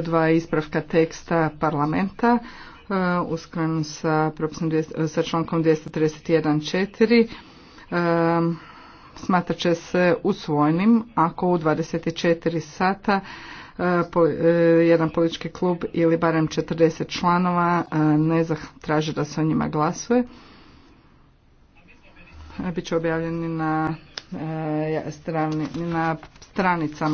dva ispravka teksta parlamenta e, u skladu sa, sa člankom 231.4 e, smatrat će se usvojnim ako u 24 sata e, jedan politički klub ili barem 40 članova ne traži da se o njima glasuje. Biće objavljeni na, na stranicama